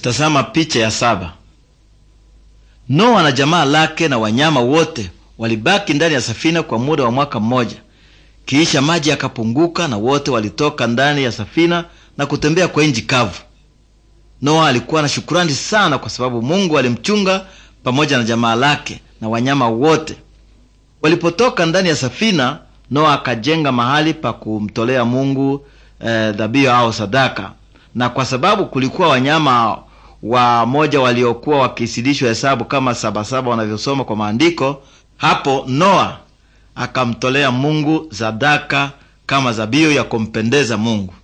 Tazama picha ya saba. Noa na jamaa lake na wanyama wote walibaki ndani ya safina kwa muda wa mwaka mmoja. Kisha maji yakapunguka na wote walitoka ndani ya safina na kutembea kwa nchi kavu. Noa alikuwa na shukurani sana kwa sababu Mungu alimchunga pamoja na jamaa lake na wanyama wote. Walipotoka ndani ya safina, Noa akajenga mahali pa kumtolea Mungu eh, dhabihu eh, au sadaka na kwa sababu kulikuwa wanyama wa moja waliokuwa wakisidishwa hesabu kama sabasaba wanavyosoma kwa maandiko, hapo Noa akamtolea Mungu sadaka kama zabiu ya kumpendeza Mungu.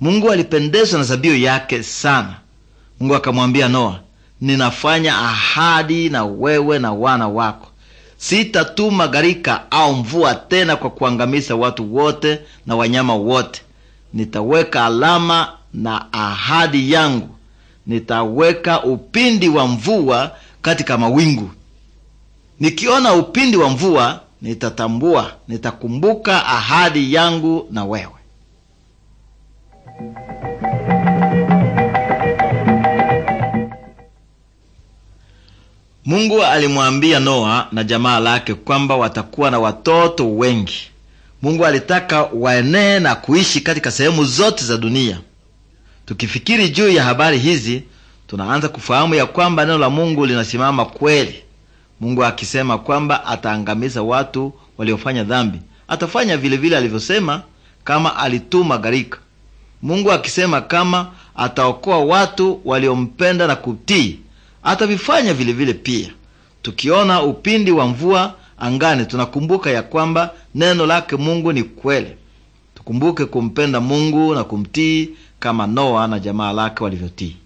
Mungu alipendezwa na zabiu yake sana. Mungu akamwambia Noa, ninafanya ahadi na wewe na wana wako, sitatuma gharika au mvua tena kwa kuangamiza watu wote na wanyama wote. Nitaweka alama na ahadi yangu, nitaweka upindi wa mvua katika mawingu. Nikiona upindi wa mvua, nitatambua, nitakumbuka ahadi yangu na wewe. Mungu alimwambia Noa na jamaa lake kwamba watakuwa na watoto wengi. Mungu alitaka waenee na kuishi katika sehemu zote za dunia. Tukifikiri juu ya habari hizi, tunaanza kufahamu ya kwamba neno la Mungu linasimama kweli. Mungu akisema kwamba ataangamiza watu waliofanya dhambi, atafanya vile vile alivyosema, kama alituma gharika. Mungu akisema kama ataokoa watu waliompenda na kutii, atavifanya vile vile pia. Tukiona upindi wa mvua angani, tunakumbuka ya kwamba neno lake Mungu ni kweli. Kumbuke kumpenda Mungu na kumtii kama Noa na jamaa lake walivyotii.